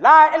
la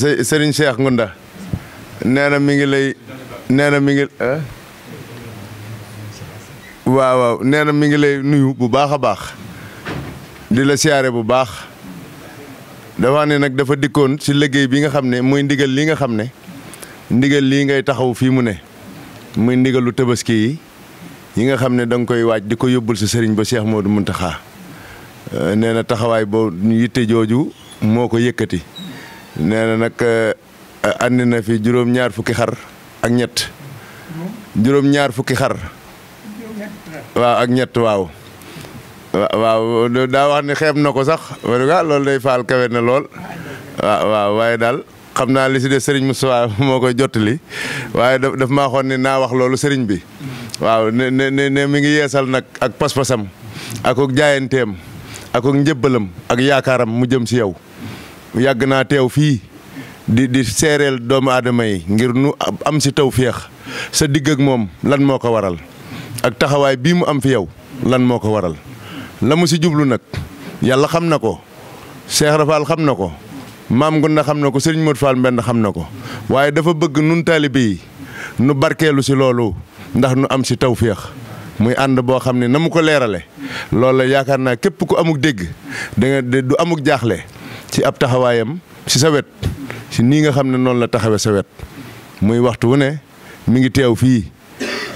sëriñ Cheikh Ngunda nee na mi ngi lay nee na mi ngi eh? waaw waaw nee na mi ngi lay nuyu bu baax a baax di la siyaare bu baax dafa ne nag dafa dikkoon ci liggéey bi nga xam ne muy ndigal li nga xam ne ndigal lii ngay taxaw fii mu ne muy ndigalu tabaski yi yi nga xam ne danga koy waaj di ko yóbbul sa sëriñ ba moo du Mountakha eh, nee na taxawaay boo yitte jooju moo ko yëkkati nee na nag eh, andi na fi juróom-ñaar fukki xar ak ñett juróom-ñaar fukki xar waaw ak ñett waaw waaw daa wax ni xeeb na ko sax ah, loolu day faal kawe na lool waaw waaye daal xam naa li si des Serigne Moustapha moo koy jottali waaye daf maa xoon ni naa wax loolu sëriñ bi waaw ne ne ne mi ngi yeesal nag ak pas-pasam ak jaayanteem ak ak ak yaakaaram mu jëm si yow yàgg naa di di serel doom aadama yi ngir nu am ci taw sa digg ak mom lan moko waral ak taxaway bi mu am fi yow lan moko waral lamu ci djublu nak yalla xamnako ko Cheikh Rafal xamnako na ko Gunda xamnako ko Serigne Modou Fall Mbend xamnako na ko dafa bëgg nun talibi nu barkelu ci lolu ndax nu am ci taw muy and bo xamni ne ko leerale loolu ku amuk dig da nga du amuk jaxlé ci ab taxawaayam ci sa wet ci nii nga xam ne noonu la taxawe sa wet muy waxtu wu ne mu ngi teew fii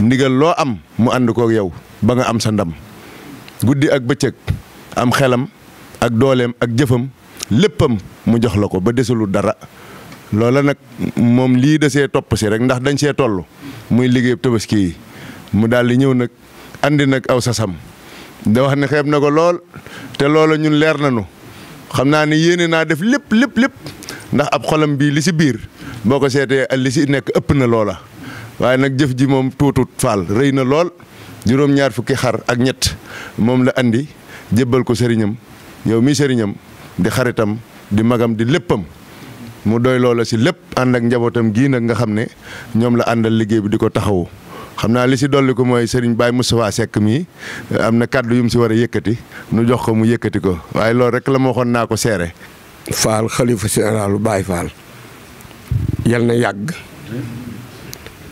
ndigal loo am mu ànd kook yow ba nga am sa ndam guddi ak bëccëg am xelam ak dooleem ak jëfam léppam mu jox la ko ba desulul dara loola nag moom lii da see topp si rek ndax dañ see toll muy liggéeyub tabaski yi mu daal di ñëw nag andi nag aw sasam da wax ne xeeb na ko lool te loola ñun leer nañu xam naa ne yéene naa def lépp lépp lépp ndax ab xolam bii li si biir boo ko seetee li si nekk ëpp na loola waaye nag jëf ji moom tuutut faal rëy na lool juróom-ñaar fukki xar ak ñett moom la andi jébbal ko sëriñam yow mi sëriñam di xaritam di magam di léppam mu doy loola si lépp ànd ak njabootam gii nag nga xam ne ñoom la àndal liggéey bi di ko taxawu xam naa li si dolli ko mooy Serigne Baye Moustapha sekk mii am na kàddu yu mu si war a yëkkati nu jox ko mu yëkkati ko waaye loolu rek la ma waxoon naa ko seere Fall xalifa généralu Baye Fall yal na yàgg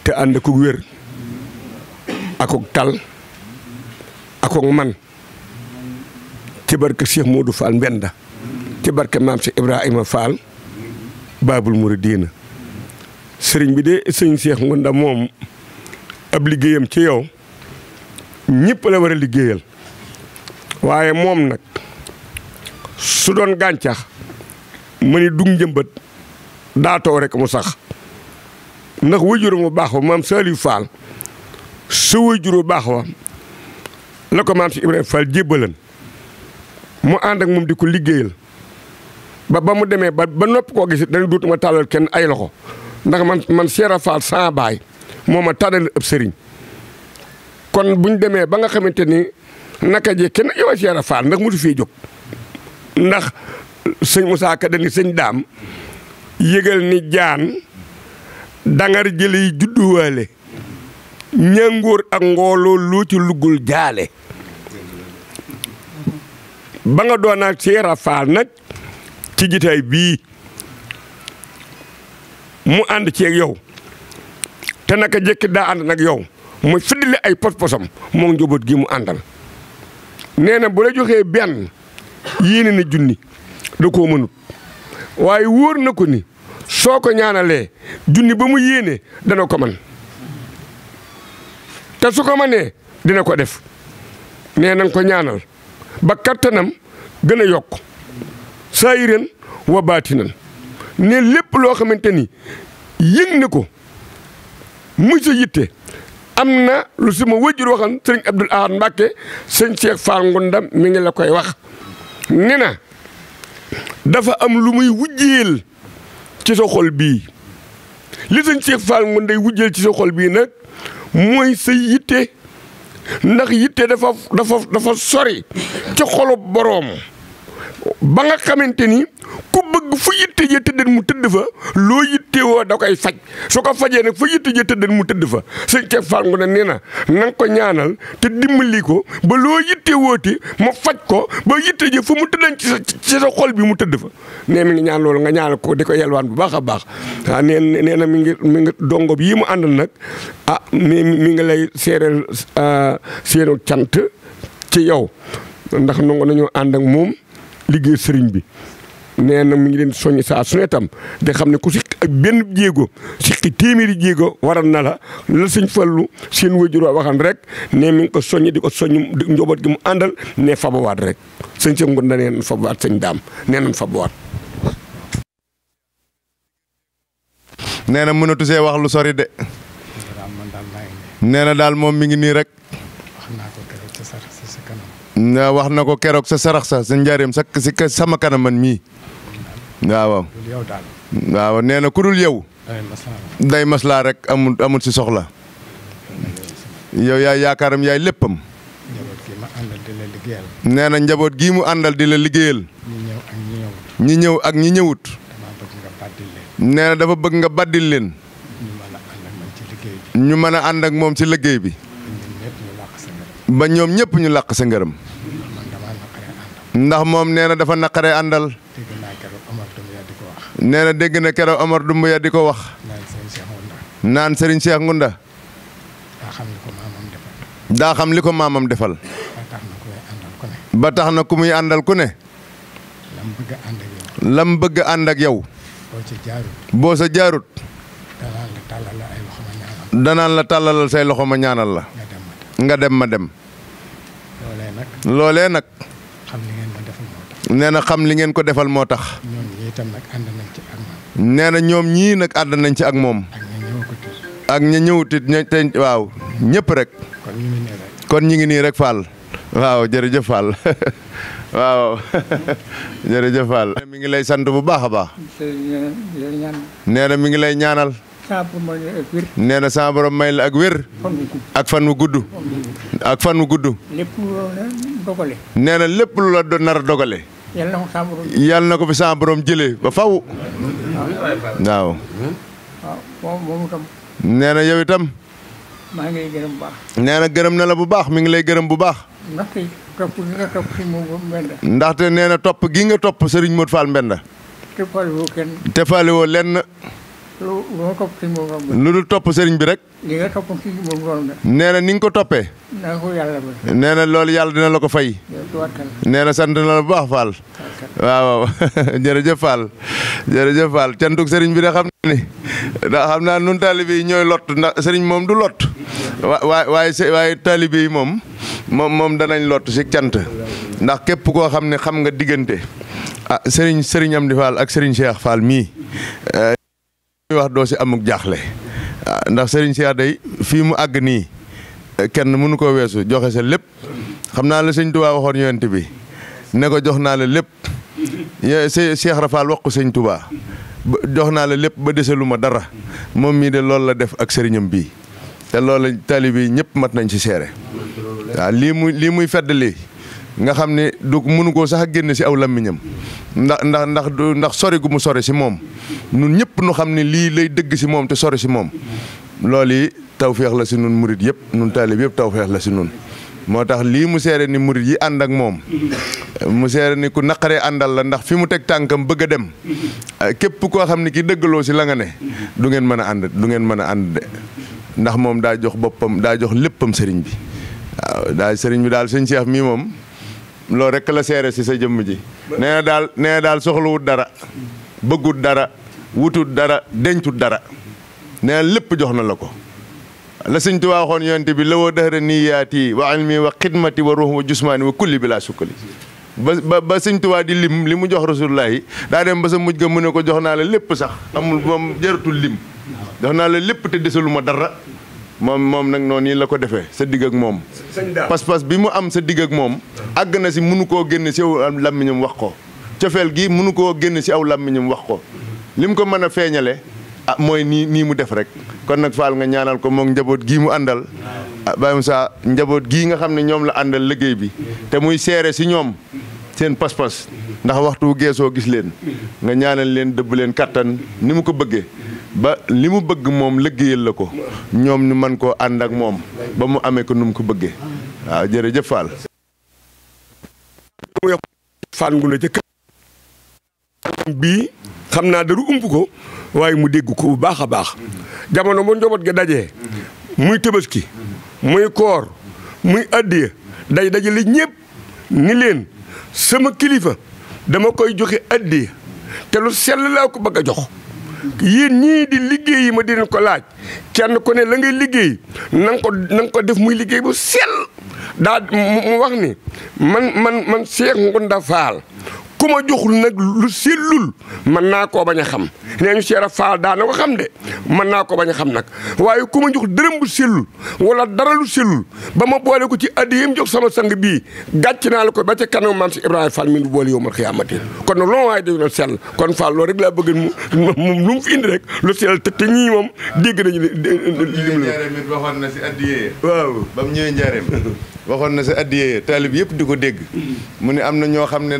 te ànd ku wér akuk tal akuk man ci barke Cheikh Modou Fall Mbenda ci barke maam si Ibrahima Fall Babul Mouridina sëriñ bi de sëñ Cheikh Ngounda moom. ab liggéeyam ci yow ñëpp la war a liggéeyal waaye moom nag su doon gàncax mu ni dug njëmbat daa too mu sax ndax wajuru mu baax wa maam su Fall sa wajuru baax wa la ko maam si Ibrahima Fall jébbalan mu ànd ak moom di ko liggéeyal ba ba mu demee ba ba nopp koo gis dana duutuma tàllal kenn ay loxo ndax man man Seera Fall saa baay moom ma tànnal ëpp sëriñ kon buñ demee ba nga xamante ni naka jee kenn yow a Cheikh Ibra Fall ndax mosu fee jóg ndax sëñ Moussa Ka dañuy sëñ daam yëgal ni jaan dangar jële yi judduwaale ñàngoor ngooloo lu ci luggul jaale ba nga doon ak Cheikh Ibra nag ci jitaay bii mu ànd ceeg yow te naka jëkki daa ànd nag yow mu fiddili ay pos-posam moom gi mu àndal nee na bu la joxee benn yéene na junni da koo mënut waaye wóor na ko ni soo ko ñaanalee junni ba mu yéene dana ko man te su ko mënee dina ko def nee nañ ko ñaanal ba kattanam gën a yokk saa yiran wa baatinan ne lépp loo xamante ni yëg na ko muy sa yitte am na lu sama wëjjur waxan sëriñ Abdul Ahad Mbàkke sëñ Cheikh Fall Ngundam mi ngi la koy wax nena dafa am lu muy wujjeel ci sa xol bii li sëñ Cheikh Fall Ngundam wujjeel ci sa xol bii nag mooy sa yitte ndax yitte dafa dafa dafa sori ci xolub boroom ba nga xamante ni ku bëgg fu yitte ja tëddal mu tëdd fa loo yitte woo da koy faj su ko fajee nag fu yitte ja tëddal mu tëdd fa sëñ Cheikh Fall Ngoune nee na na nga ko ñaanal te dimbali ko ba loo yitte wooti ma faj ko ba yitte ja fu mu tëddan ci sa ci sa xol bi mu tëdd fa nee mi ngi ñaan loolu nga ñaanal ko di ko yelwaan bu baax a baax ah nee nee mi ngi mi ngi dongo bi yi mu àndal nag ah mi mi ngi lay seereel ah, seenu cant ci yow ndax nangu nañu ànd ak moom liggéey sëriñ bi nee mu ngi leen soññ saa su ne xam ne ku si benn jéego sikki téeméeri jéego waral na la la sëñ fallu seen wajur waa waxan rek ne mi ngi ko soññ di ko soññ mu àndal ne fabawaat rek sëñ sëñ ngon da neen fabawaat sëñ daam nee nañ fabawaat mënatu see wax lu sori de nee na daal moom mi ngi nii rek waaw wax na ko keroog sa sarax sa sa njaareem sa sama kanam man mii waaw waaw nee na ku dul yow. day maslaa rek amul amul si soxla. yow yaay yaakaaram yaay léppam. nee na njaboot gii mu àndal di la liggéeyal. ñi ñëw ak ñi ñëwut. nee na dafa bëgg nga baddil leen. ñu mën a àndak moom ci liggéey bi. ba ñom ñepp ñu laq sa ngeerum ndax mom neena dafa nakare andal neena na na kéro Omar dumbu ya diko wax nan Serigne Cheikh Ngunda da xam liko mamam defal ba tax na ku muy ku ne lam bëgg and ak yow bo sa jaarut danaan la talal say loxo ñaanal la nga dem ma dem nag. loolee nag. xam nee na xam li ngeen ko defal moo tax. ñoom na ñoom ñii nag ànd nañ ci ak moom. ak ña ñëwut it waaw ñépp rek. kon ñu ngi nii rek. kon ñu waaw jërëjëf Fall waaw jërëjëf Fall. mi ngi lay sant bu baax a baax. nee na mi ngi lay ñaanal. nee na sama borom may la ak wér. ak fan wu gudd. ak fan wu gudd. nee lépp lu la nar a dogale. yàlla na ko fi sama borom jëlee ba faw waaw. nee na yow itam. maa ngi gërëm na la bu baax mi ngi lay gërëm bu baax. ndaxte topp topp Serigne nee na topp gi nga topp Serigne Modou Fall Mbenda. te te faale woo lenn. lu ma topp sëriñ bi dul topp sëriñ bi rek. li nga nee na ni ko toppee. naa ko yàlla nee na loolu yàlla dina la ko fay. nee na sant na la bu baax Fall. waaw waaw jërëjëf Fall jërëjëf cantuk sëriñ bi da xam ne ndax xam naa nun taalibe yi ñooy lot ndax sëriñ moom du lot. waaye waaye waaye taalibe yi moom moom moom danañ lot si cant ndax képp koo xam ne xam nga diggante ah sëriñ sëriñ Amdi Fall ak sëriñ Cheikh Fall mii. Eh, wax doo si amuk jaaxle ah, ndax Serigne Cheikh day fii mu àgg nii eh, kenn mënu ko weesu joxe sa lépp xam naa la sëñ Touba waxoon yonent bi ne ko jox naa la lépp Cheikh Rafal wax ko sëñ Touba jox naa la lépp ba desalu ma dara moom mii de loolu la def ak sëriñam bii te lool tali bi ñëpp mat nañ ci seere waaw lii muy lii nga xam du mënu ko sax a ci aw lammiñam ndax ndax ndax ndax sori gu mu sori si mom nun ñëpp nu xam li lay dëgg si mom te sori si mom loli tawfiix la ci nun murid yep nun talib yep tawfiix la ci nun motax li mu séré ni murid yi and ak mom mu séré ni ku nakare andal la ndax fi mu tek tankam bëgg dem képp ko xamni ki dëggaloo si la nga ne du ngeen mëna and du ngeen mëna and ndax mom daa jox bopam da jox leppam sëriñ bi da sëriñ bi daal sëriñ Cheikh mi mom loolu rek la seere si sa jëmm ji nee daal nee na daal soxlawut dara bëggut dara wutut dara dencut dara nee lépp jox na la ko la sëñ Tuubaa waxoon yonent bi la woo dëxëra niyaati wa ilmi wa xidmati wa ruux wa jusmaani wa kulli bi laa sukkali ba ba sëñ Tuubaa di lim li mu jox rasulullaahi daa dem ba sa mujj ga mu ne ko jox naa la lépp sax amul moom jaratul lim jox naa la lépp te desalu ma dara moom moom nag noonu nii la ko defee sa digg ak moom. pas-pas bi mu am sa digg ak moom. àgg na si mënu koo génn si aw làmmiñam wax ko. cofeel gi mënu koo génn si aw làmmiñam wax ko li mu ko mën a feeñale ah mooy nii nii mu def rek kon nag Fall nga ñaanal ko moom njaboot gii mu àndal. ah Baye Moussa njaboot gii nga xam ne ñoom la àndal liggéey bi te muy seere si ñoom seen pas-pas ndax waxtu geesoo gis leen nga ñaanal leen dëbb leen kattan ni mu ko bëggee. ba li mu bëgg moom liggéeyal la ko ñoom nu mën koo ànd ak moom ba mu amee ko num ko bëggee waaw jërëjëf Fall. Fall Ngoulo ca kër bii xam naa daru ump ko waaye mu dégg ko bu baax a baax jamono ba njaboot ga dajee muy ki muy koor muy addiya day dajale ñépp ni leen sama kilifa dama koy joxe addiya te lu sell laa ko bëgg a jox yéen ñii di liggéey yi ma di leen ko laaj kenn ku ne la ngay liggéey na ko na ko def muy liggéey bu sell daa mu wax ni man man man Cheikh Ngounda Fall ku ma joxul nag lu sellul mën naa koo bañ a xam nee ñu Cheikh Faal daana ko xam de mën naa ko bañ a xam nag waaye ku ma jox dërëm bu sellul wala dara lu sellul ba ma boole ko ci addiyam jox sama sang bii gàcc naa la ko ba ca kanam maam si Ibrahima Fall mi ngi boole yow man xiyaamati kon nag loo waaye déglu sell kon Fall loolu rek laa bëgg mu moom lu mu fi indi rek lu sell te te ñii moom dégg nañu ne. li mu la na si addiyee. ñëwee njaareem waxon na sa addiyee ya, talib yëpp diko ko dégg mu ne am na ñoo xam ne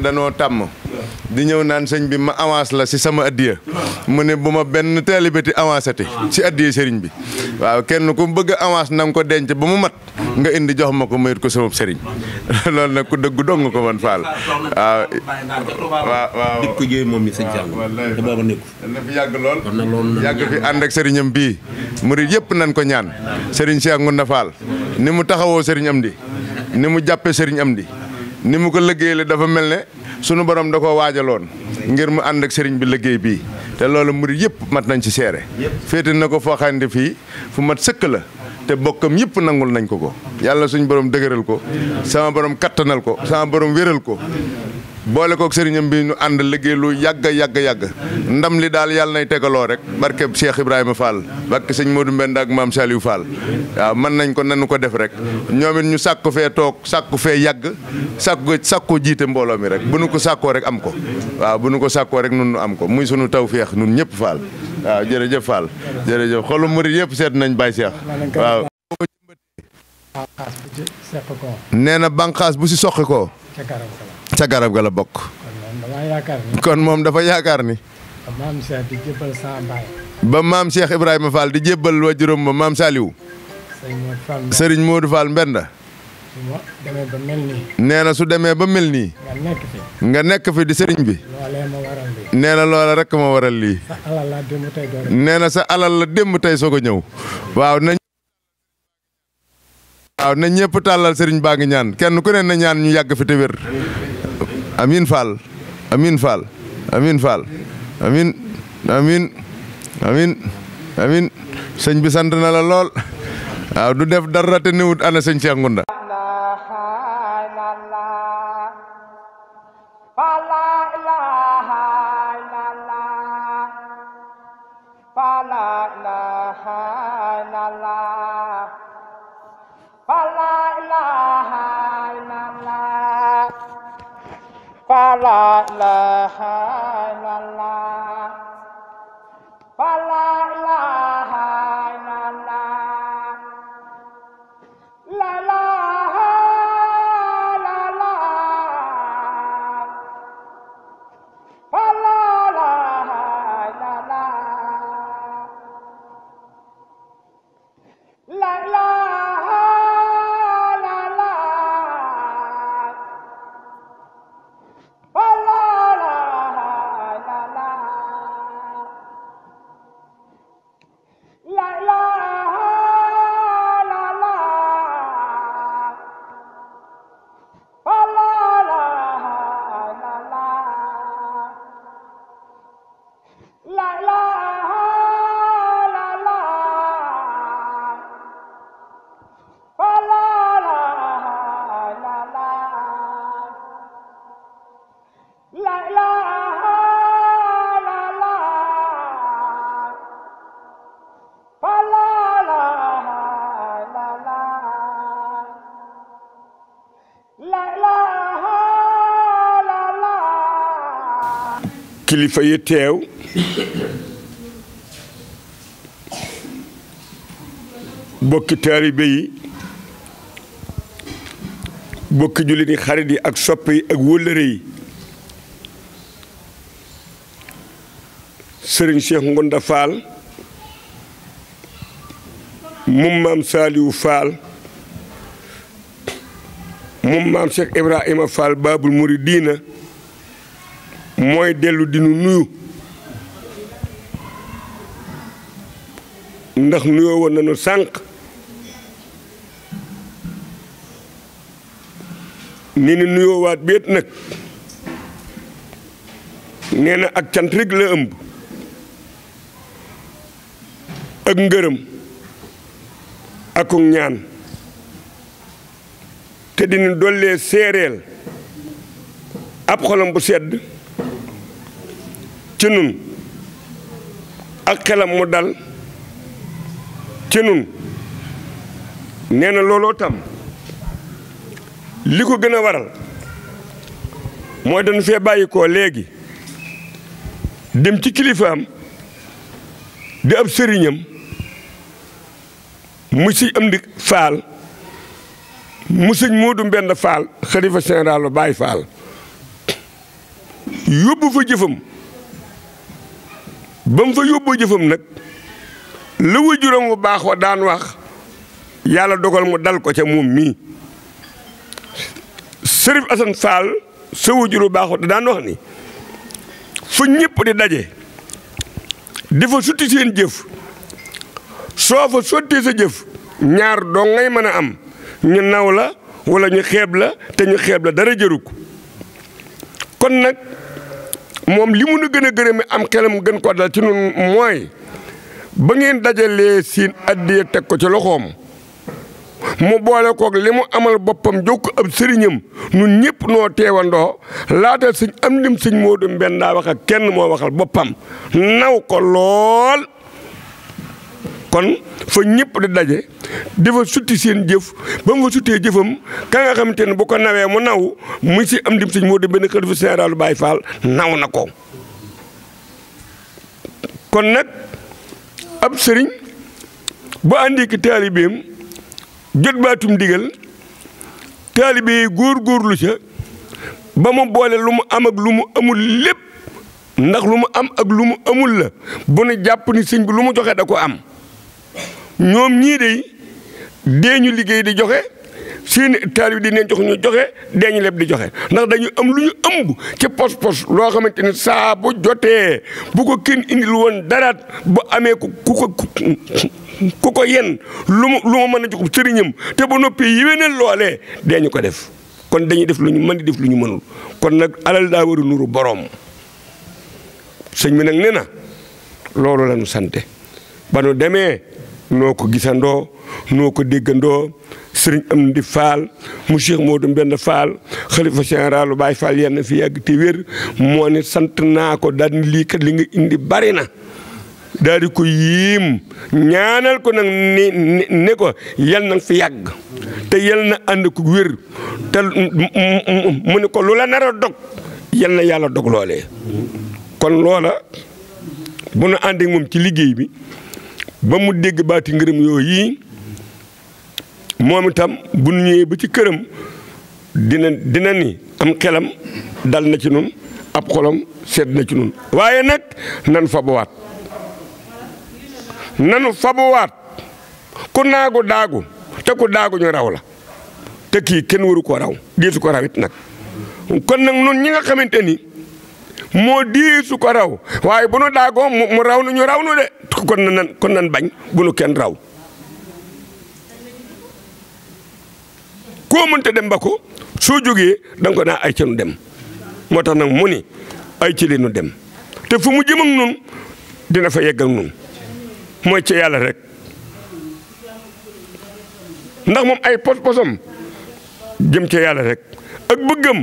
di ñëw naan sëñ bi ma avance la ci sama addiya mu ne bu ma benn taalibati avancé te sëriñ bi waaw kenn ku bëgg avance nang ko denc bu mu mat nga indi jox mako mayit ko sama sëriñ lool nak ku dëggu dong ko man faal waaw waaw dik ko jey momi mi sëñ Thiam te booba nekku na fi yag lool yag fi and ak sëriñam bi murid yëpp nan ko ñaan sëriñ Cheikh Ngounda Fall ni mu taxawoo sëriñ di ni mu jàppe sëriñ Amdi ni mu ko liggéeyale dafa mel ne sunu borom da koo waajaloon ngir mu ànd ak sëriñ bi liggéey bii te loolu murid yëpp mat nañ ci seere féete na ko foo xamante fii fu mat sëkk la te bokkam yëpp nangul nañ ko ko yàlla suñu borom dëgëral ko sama borom kattanal ko sama borom wéral ko boole kook sëriñam bi ñu ànd liggéey lu yàgg yàgg yàgg ndam li daal yàlla nay tegaloo rek barkeb Cheikh Ibrahima Fall barke sëñ Modou Mbend ak maam Saliou Fall waaw mën nañ ko nanu ko def rek ñoom ñu sàkk fee toog sàkku fee yàgg sàkku sàkku jiite mbooloo mi rek bu nu ko sàkkoo rek am ko waaw bu nu ko sàkkoo rek nun nu am ko muy sunu taw tawféex nun ñëpp faal waaw jërëjëf Fall jërëjëf xolu murit yëpp seet nañ Baye Cheikh waaw nee na bànqaas bu si soqi ko ca garab ga la kon mom dafa yakar ni. mam Cheikh di jebal sa mbay ba mam Cheikh Ibrahima Fall di jebal wajurum ba mam saliw Serigne Modou Fall Mbenda. nee na su demee ba melni nga nek fi di Serigne bi. nee lola rek ma waral li nee sa alal la dem tay soko ñew waaw nañ. waaw na ñepp talal Serigne bangi ñaan kenn ku ne na ñaan ñu yag fi te wér. amin Fall amin Fall amin Fall amin amin amin amin sëñ bi sant na la lool waaw du def dara te newut ana sëñ Cheikh Ngounda la kilifa yi teew bokki taalibe yi bokki jullit yi xarit yi ak soppe yi ak wóllëre yi sëriñ Cheikh Ngonda Fall mum maam Saliou Fall mum maam Cheikh Ibrahima Fall Babul Mouridina mooy dellu di nu nuyu ndax nuyoo woon nañu sànq ni nu nuyoo waat béet nag nee na ak cant la ëmb ak ngërëm ak ñaan te dina dollee séeréel ab xolam bu sedd ci nun ak xelam mu dal ci nun nee na looloo tam li ko gën a waral mooy dañu fee bàyyi ko léegi dem ci kilifaam di ab sëriñam mu si am di faal mu sëñ Moodu benn faal xalifa général Baay Faal yóbbu fa jëfam ba mu fa yóbboo jëfam nag la waajuram bu baax wa daan wax yàlla dogal mu dal ko ca moom mii sërif Assane Fall sa waajur bu baax wa daan wax ni fu ñëpp di daje di fa sutti seen jëf soo fa sottee sa jëf ñaar doo ngay mën a am ñu naw la wala ñu xeeb la te ñu xeeb la dara jëru ko kon nag moom li mu nu gën a gërëme am xelam gën ko dal ci nun mooy ba ngeen dajalee siin addiya teg ko ci loxoom mu boole koog li mu amal boppam ko ab sëriñam nun ñëpp noo teewandoo laata sëñ am lim sëñ Moodu Mbenda daa wax kenn moo waxal boppam naw ko lool kon fa ñëpp di daje dafa sutti seen jëf ba mu fa suttee jëfam ka nga xamante ne boo ko nawee mu naw mu si am dim sëñ moo di benn xalifa général Baye Fall naw na ko kon nag ab sëriñ bu àndi ki taalibeem jot baatum digal taalibe góor góorlu ca ba mu boole lu mu am ak lu mu amul lépp ndax lu mu am ak lu mu amul la bu nu jàpp ni sëñ bi lu mu joxe da ko am ñoom ñii de dee liggéey di joxe seen taal bi di neen jox ñu joxe dee ñu leb di joxe ndax dañu am lu ñu ëmb ci pos pos loo xamante ni saa bu jotee bu ko kenn indil woon daraat bu amee ku ko ku ko yen lu mu lu ma mën a jox sëriñam te ba noppi yéwénal loole dee ko def kon dañuy def lu ñu mën di def lu ñu mënul kon nag alal daa war nuru boroom sëñ bi nag nee na loolu la ñu sante ba nu demee noo ko gisandoo noo ko déggandoo sëriñ am di faal mu Cheikh Modou Mbend Fall xalifa généralu Baye Fall yenn fi yàgg te wér moo ne sant naa ko daal lii kat li nga indi bari na daal di ko yiim ñaanal ko nag ni ne ko yal fi yàgg te yal na ànd ko wér mu ne ko lu la nar dog yal yàlla dog loolee kon loola bu nu àndee moom ci liggéey bi ba mu dégg baati ngërëm yooyu yii moom itam bu ñëwee ba ci këram dina dina ni am xelam dal na ci nun ab xolom seet na ci nun waaye nag nanu fabuwaat nanu fabuwaat ku naagu daagu te ku daagu ñu raw la te kii kenn waru ko raw diitu ko rawit nag kon nag nun ñi nga xamante ni moo diisu ko raw waaye bu nu daagoo mu raw nu ñu raw nu de kon nan bañ bu nu kenn raw koo mënta dem ba ko soo jógee danga ko naa ay ci dem moo tax nag mu ni ay ci li dem te fu mu jëm nun dina fa yegg nun mooy ci yàlla rek ndax moom ay pos posam jëm ca yàlla rek ak bëggam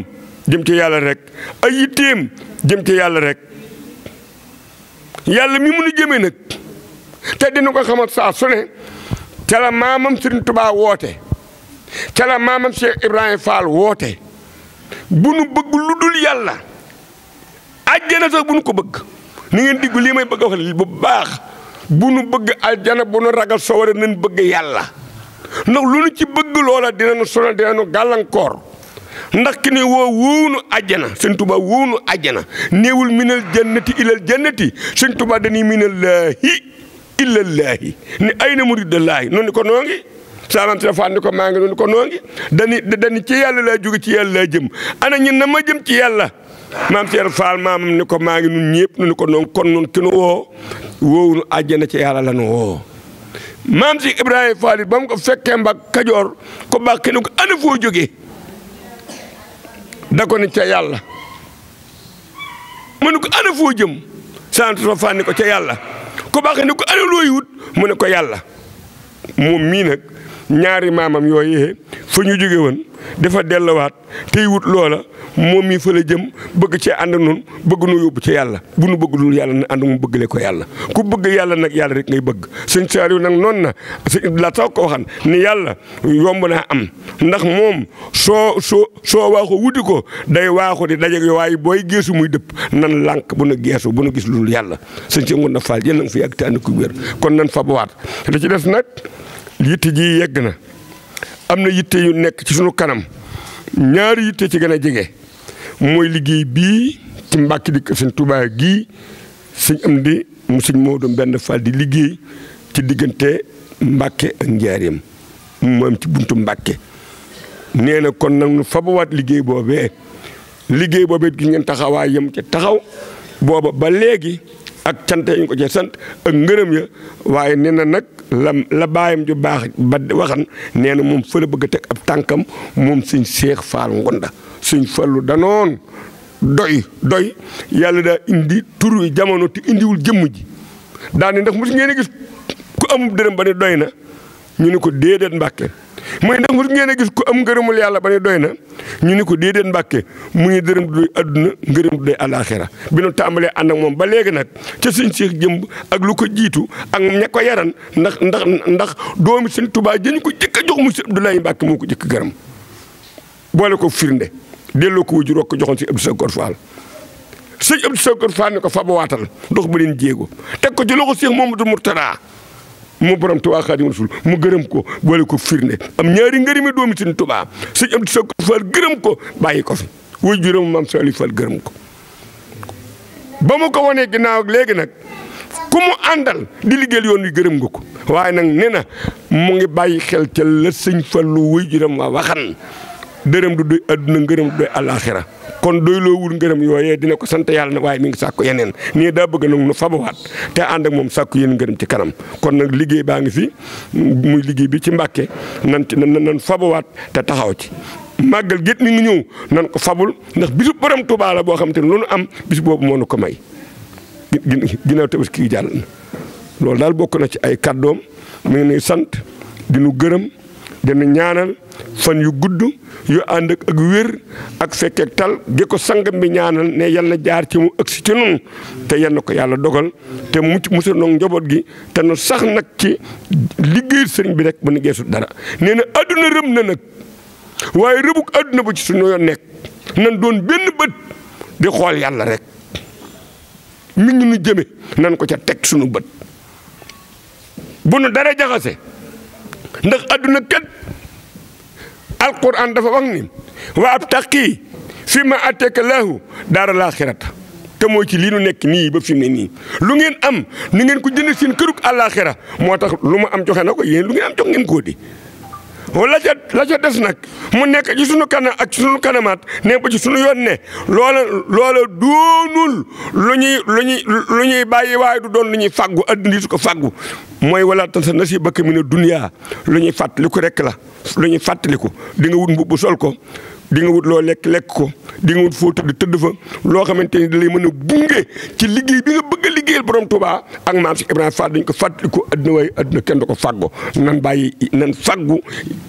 jëm ci yàlla rek ay yitteem jëm ca yàlla rek yàlla mi mun a jëmee nag te dina ko xamal saa su ne ca la maamam Sëriñ woote ca la maamam Cheikh woote bu nu bëgg lu dul yàlla àjjana sax bu nu ko bëgg ni ngi diggu lii may bëgg a wax bu baax bu nu bëgg àjjana bu nu ragal soo war a nañ bëgg yàlla ndax lu nu ci bëgg loola dina nu sonal dina nu gàllankoor ndax ki ne woo wuunu àjjana sëñ Tuba wuunu àjjana néewul minal jannati ilal jannati sëñ Tuba dañuy minal laahi ilal laahi ni ay na murid laahi noonu ko noo ngi saanam si la fànn ko maa ngi noonu ko noo ngi dañuy ci yàlla laa jóge ci yàlla laa jëm ana ñun ma jëm ci yàlla. maam Cheikh Fall maamam ni ko maa ngi nun ñëpp nu ko noonu kon nun ki nu woo ci yàlla la nu woo. maam si Ibrahima Fall ba ko fekkee mbag Kajoor ko baax da ko ne ca yàlla mu ne ko ana foo jëm sant soo fànni ko ca yàlla ku baax ne ko ana looy mu ne ko yàlla mu mii ñaari maamam yooyee fa ñu jóge woon dafa delluwaat tey wut loola moom yi fa la jëm bëgg ci ànd noonu bëgg nu yóbbu ci yàlla bu nu bëgg dul yàlla na ànd mu bëggale ko yàlla ku bëgg yàlla nag yàlla rek ngay bëgg sëñ Saaliw nag noonu na la taw ko waxan ni yàlla yomb naa am ndax moom soo soo soo waaxu wuti ko day waaxu di daje waaye booy geesu muy dëpp nan lank bu nu geesu bu nu gis lu yàlla sëñ si ngun na faal jël na nga fi yàgg te ànd ku wér kon nan fa bawaat li ci des nag yitte ji yegg na am na yitte yu nekk ci suñu kanam ñaar yitte ci gën a jege mooy liggéey bii ci Mbàkke di kër Sëñ Tuubaa gii sëñ am di mu sëñ Moodu Mbend Fall di liggéey ci diggante Mbàkke ak Njaaréem mu am ci buntu Mbàkke nee na kon nag nu fabawaat liggéey boobee liggéey boobee gis ngeen taxawaay yam ca taxaw booba ba léegi ak cant yañ ko ci sant ak ngërëm ya waaye nee na nag la la baayam ju baax ba waxan nee na moom fële bëgg a teg ab tànkam moom suñ seex faal ngunda suñ fallu danoon doy doy yàlla daa indi tur wi jamono ti indiwul jëmm ji daane ndax mos ngeen a gis ku amul dërëm ba ne doy na ñu ne ko déedéet mbàkke mooy ndax mos ngeen a gis ko am ngërëmul yàlla ba ne doy na ñu ni ko déedéet mbàkke mu ngi dërëm du doy àdduna ngërëm du doy àlaaxira bi nu tàmbalee ànd ak moom ba léegi nag ca suñ seex jëmb ak lu ko jiitu ak ña ko yaran ndax ndax ndax doomi seen tubaa jëñ ko jëkk a jox mu si Abdoulaye Mbàkke moo ko jëkk gërëm boole ko firnde delloo ko wujur ko joxoon si Abdou Sakor Fall sëñ ko fa ba waatal dox ba leen jéego teg ko ci loxo Seex Mamadu Murtadaa mu borom Tuubaa Xaadimu Rasuul mu gërëm ko boole ko firnde am ñaari ngërëmi doomi Sëñ Tuubaa sëñ Abdou Sakor gërëm ko bàyyi ko fi wuy juróom maam Saliou Fall gërëm ko ba mu ko wanee ginnaaw ak léegi nag ku mu àndal di liggéeyal yoon wi gërëm nga ko waaye nag nee mu ngi bàyyi xel ca la sëñ lu wuy juróom waa waxan dërëm du doy adduna ngërëm du doy àllaaxira kon doy loo wul ngërëm yooyee dina ko sant yàlla na waaye mi ngi sàkku yeneen nii daa bëgg nag nu fabawaat te ànd ak moom sàkku yéen ngërëm ci kanam kon nag liggéey baa ngi fi muy liggéey bi ci mbàkke nan ci nan fabawaat te taxaw ci màggal gétt mi ngi ñëw nan ko fabul ndax bisu borom Tuubaa la boo xam te ne am bis boobu moo nu ko may ginnaaw tabaski jàll na loolu daal na ci ay kàddoom sant di nu danu ñaanal fan yu gudd yu ànd ak ak ak fekkeek tal gi sangam bi ñaanal ne yal na jaar ci mu ëgsi ci nun te yal na ko yàlla dogal te mucc musul noog njaboot gi te nu sax nag ci liggéey sëriñ bi rek bu nu geesul dara nee na àdduna rëm na waaye rëbuk àdduna bu ci suñu yoon nekk nan doon benn bët di xool yàlla rek mi ñu nu jëme nan ko ca teg suñu bët bu nu dara jaxase ndax adduna kat alquran dafa wax ni wa ab taqi fi ma atteeka laahu daara laaxirat te mooy ci lii nu nekk nii ba fi mu nii lu ngeen am ni ngeen ko jënd seen kërug àllaaxira moo tax lu ma am joxe na ko yéen lu ngeen am jox ngeen koo di la ca la ca des nag mu nekk ci sunu kanam ak ci sunu kanamaat ne ba ci sunu yoon ne loola loola doonul lu ñuy lu ñuy lu ñuy bàyyi waaye du doon lu ñuy fàggu adduna su ko fàggu mooy wala tan sa nasiibaka mina dunyaa lu ñuy fàttaliku rek la lu ñuy fàttaliku di nga wut mbubb sol ko. di nga wut loo lekk lekk ko di nga wut foo tëdd tëdd fa loo xamante ni da lay mën a gunge ci liggéey bi nga bëgg a liggéeyal borom Touba ak maam si Ibrahima Fall dañ ko fàttaliku adduna waaye adduna kenn du ko fàggo nan bàyyi nan fàggu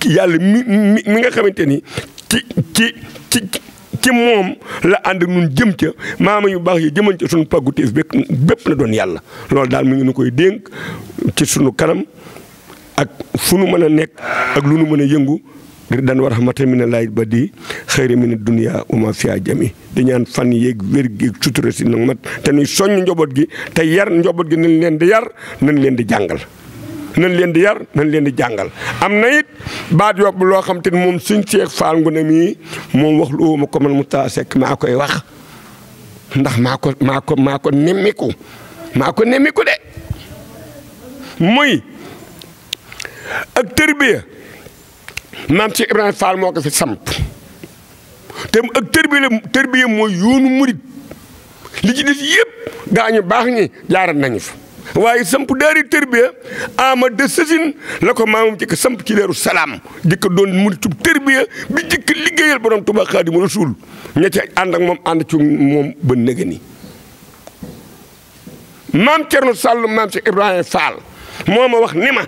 yàlla mi mi nga xamante ni ci ci ci. moom la ànd nun jëm ca maama yu baax yi jëman ca suñu pàgguteef bépp bépp na doon yàlla loolu daal mu ngi nu koy dénk ci sunu kanam ak fu nu mën a nekk ak lu nu mën a yëngu ridan war xamata mi ne laay ba di xëyri mi ne duniya uma fiya jami di ñaan fan yéeg wér gi sutura si nag mat te nuy soññ njaboot gi te yar njaboot gi nañ leen di yar nañ leen di jàngal leen di yar nañ leen di jàngal am na it baat yóbbu loo xam te ne moom suñ seeg faal ngu ne mii moom wax lu ma ko man mu taa sekk maa koy wax ndax maa ko maa ko ko nemmiku maa ko nemmiku de muy ak tërbiya maam ci Ibrahima Fall moo ko fi samp te ak tërbiya tërbiya mooy yoonu murit li ci des yëpp gaañu baax ñi jaarat nañu fa waaye samp daari tërbiya ama de sësin la ko maamam jëkk samp ci leeru salaam jëkk doon muritub tërbiya bi jëkk liggéeyal borom Tuubaa Xaadimu Rasuul ña ci ànd moom ànd ci moom ba nëgë ni maam Cerno Sàll maam ci Ibrahima Fall moo ma wax ni ma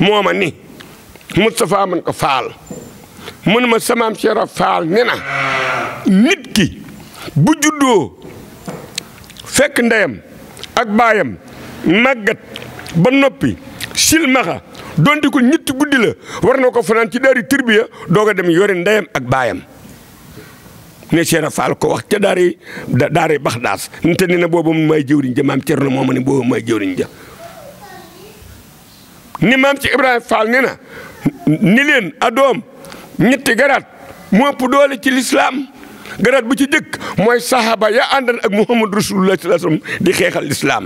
moo ma ni Mustafa man ko faal mun ma samam Cheikh faal nena na nit ki bu juddo magat, ndeyam ak bayam magat ba noppi silmaxa donte ko nit guddi la warno ko fanan ci dari tërbiya doga dem yore ndeyam ak bayam ne Cheikh Fall ko wax ci dari dari bakhdas na may ja maam Cerno mooma may ni mam ci ibrahim Fall nena Nilen adom ñetti garaat mo pu doole ci l'islam garaat bu ci jëkk moy sahaba ya andal ak muhammad rasulullah sallallahu alaihi wasallam di xeexal l'islam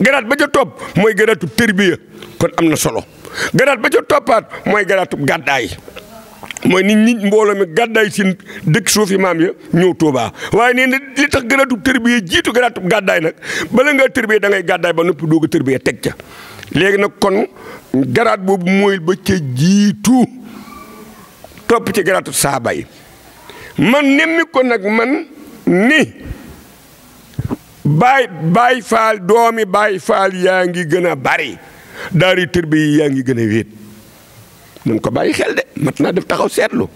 garaat ba ca top moy garatu terbiya kon amna solo garaat ba ca topat moy garatu gaday moy nit nit mbooloo mi gàddaay sin dëkk soufi mam ya ñew Tuubaa waye ne li tax garatu terbiya jitu garatu gaday nak bala nga terbiya da ngay gaday ba terbiya tek ca léegi nag kon garaat boobu mooy ba ca jiitu topp ci garaatu saaba yi man nemmi ko nag man ni baay baay faal doomi baay faal yaa ngi gën a bari daari tërbi yi yaa ngi gën a wéet nañ ko bàyyi xel de mat naa def taxaw seetlu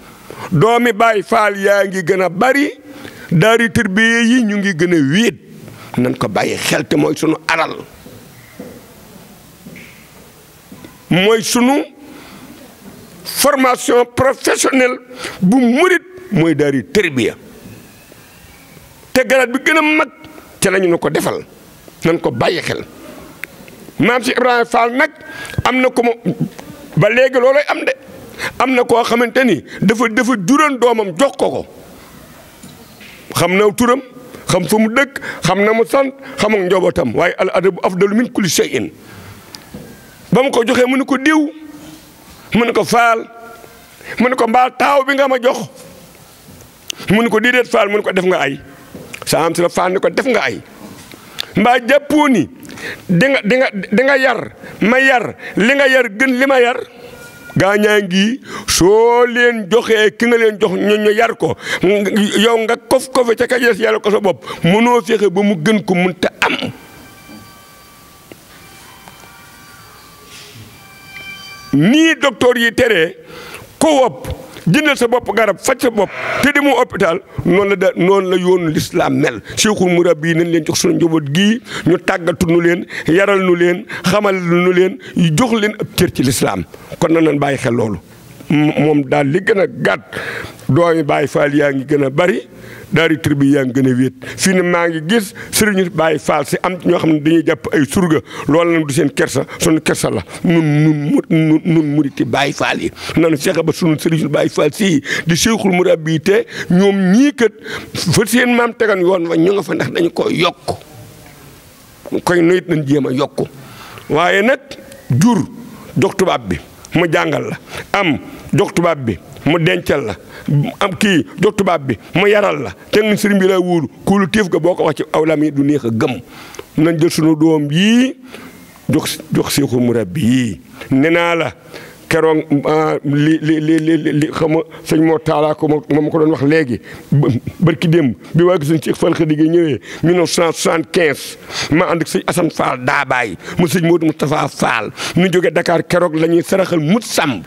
doomi baay faal yaa ngi gën a bari daari tërbi yi ñu ngi gën a wéet nañ ko bàyyi xel te mooy sunu alal mooy sunu formation professionnelle bu murit mooy daari tërbiya te garaat bi gënam a mag ca lañu na ko defal nan ko bàyyi xel maam si Ibrahima Fall nag am na ko ma ba léegi loolay am de am na koo xamante ni dafa dafa juran doomam jox ko ko xam na turam xam fa mu dëkk xam na mu sant xam ak njabootam waaye al adabu afdalu min kulli shay'in ba mu ko joxee mu ne ko diw mu ne ko faal mu ne ko mbaa taaw bi nga ma jox mu ne ko déedéet faal mu ko def nga ay saa am si la faal ne ko def nga ay mbaa jàppoo ni dinga nga di yar ma yar li nga yar gën li ma gaa ñaa ngi soo leen joxee ki nga leen jox ñu ñu yar ko yow nga kof kofe ca ka yàlla ko sa bopp mënoo fexe ba mu gën ko mun te am nii docteur yi tere ko wopp sa bopp garab faj sa bopp te di mu hôpital noonu la la yoonu lislaam mel cheikhul murabbi yi nañ leen jox suñu njaboot gii ñu tàggatu nu leen yaral nu leen xamal leen jox leen ab cër ci lislaam kon na nan bàyyi xel loolu moom daal li gën a gàtt doomi bàyyi faal yaa ngi gën a bari daari tur bi yaa ngi gën a wéet fii ne maa ngi gis sëriñu Baay Faal si am ñoo xam ne dañuy jàpp ay surga loolu nag du seen kersa sunu kersa la nun nun nun nun muriti Baay Faal yi nanu fexe ba sunu sëriñu Baay Faal si di Seexul Murabbi te ñoom ñii kat fa seen maam tegan yoon wa ñu fa ndax dañu ko yokk koy noyit nañ jéem a yokk waaye nag jur jox bi mu jàngal la am jox bi mu dencal la am kii jox tubaab bi mu yaral la te nga sëriñ bi la wóoru kuulu tiif ga boo ko wax ci awlam yi du neex a gëm nañ jël sunu doom yii jox jox seexu murabbi yii nee la keroog ah, li li li li li xam nga sëñ moo taalaa ko moom ko doon wax léegi bërki dem bi waa gi sëñ Cheikh Fall Khadiga ñëwee 1975 ma ànd ak sëñ Assane Fall daabaay mu sëñ Modou Moustapha Fall ñu jógee Dakar keroog la ñuy saraxal mut sàmb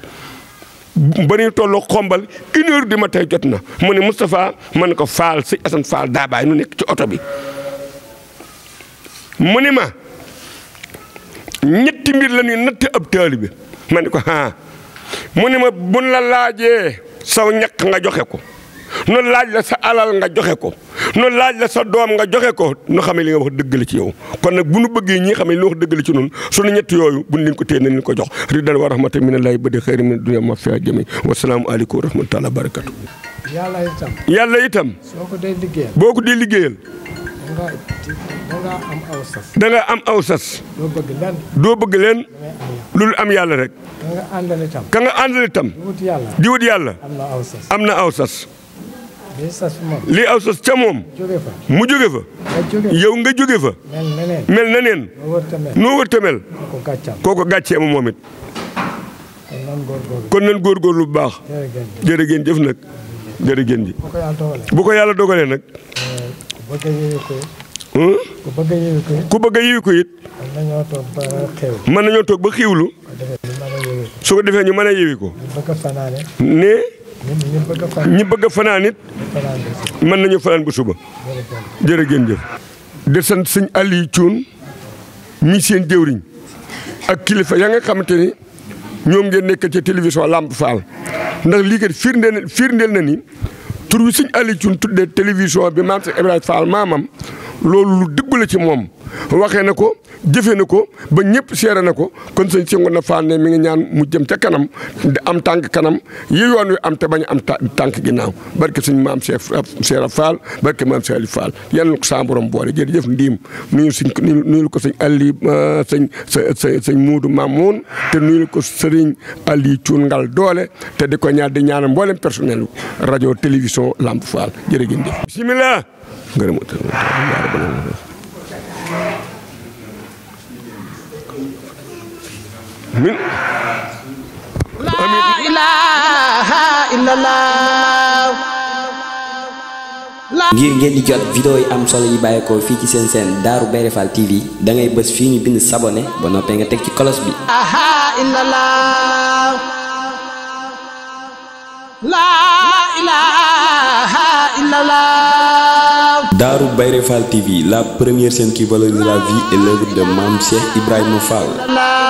ba ñuy tolloo xombal une heure du jot na mu ne Moustapha ma ne ko Faal si Assane Faal daabaay nu nekk ci oto bi. muni ma ñetti mbir la ñuy natt ab taalibe ma ne ko ah mu ne ma buñ la laajee ñaq nga joxe ko. nu laaj la sa alal nga joxe ko nu laaj la sa doom nga joxe ko nu xamee li nga wax dëgg ci yow kon nag bu nu bëggee ñi xamee li nga wax dëgg ci noonu sunu ñett yooyu buñ leen ko téye na leen ko jox ridan wa rahmatan minallahi badi xayri min dunya ma fi jami wa salaamu aleykum wa rahmatullahi wa barakatu yàlla itam yàlla itam soo ko dee liggéeyal boo ko dee liggéeyal danga am aw sas. doo bëgg leen. doo bëgg leen. loolu am yàlla rek. ka nga àndal itam. ka nga àndal itam. di wut yàlla. am na aw am na aw sas. li aw sas ca moom mu jóge fa yow nga jóge fa mel na neen noo wër ta mel kooko gàcceema moom it kon nan góorgóorlu bu baax jërë ngeen jëf nag jërë ngeen ji bu ko yàlla dogalee nag ku bëgg a yiwi ko it nañoo toog ba xiiwlu su ko defee ñu mën a yiwi ne ñi bëgg a fanaan it mën nañu fanaan bu suba jërë ngeen jëf di sant sëñ Aliou Thioune mi ak kilifa yaa nga xamante ni ñoom ngeen nekk ci télévision Lamp Fall ndax lii kat firndeel firndeel na ni tur wi sëñ Aliou Thioune tuddee télévision bi maam Cheikh Ibrahima Fall maamam loolu lu la ci moom waxee na ko jëfee na ko ba ñëpp seere na ko kon sëñ Cheikh Ngounda Fall ne mi ngi ñaan mu jëm ca kanam am tànk kanam yi yoon wi am te bañ am tànk ginnaaw barke suñ maam Cheikh Cheikh Fall barke maam Cheikh Ali Fall yal na ko saa borom boole jërëjëf ndiim nuyu suñ nuyu ko sëñ Ali euh, sëñ sëñ sëñ Muudu Mamoun te nuyu ko sëriñ Ali Cuun Ngal doole te di ko ñaan di ñaanal mboolem personnel rajo télévision Lamp Fall jërëjëf. bismillah ngërëmu ngir ngeen di jot vidéo yi am solo yi bàyyeekoo fii ci seen seen Darou Bairé Fall TV da bës fii ñu bind sabonné ba noppee nga teg ci kolos bi. Darou Bayrefal TV, la première scène qui valorise la vie et l'œuvre de Mam Cheikh Ibrahim Fall.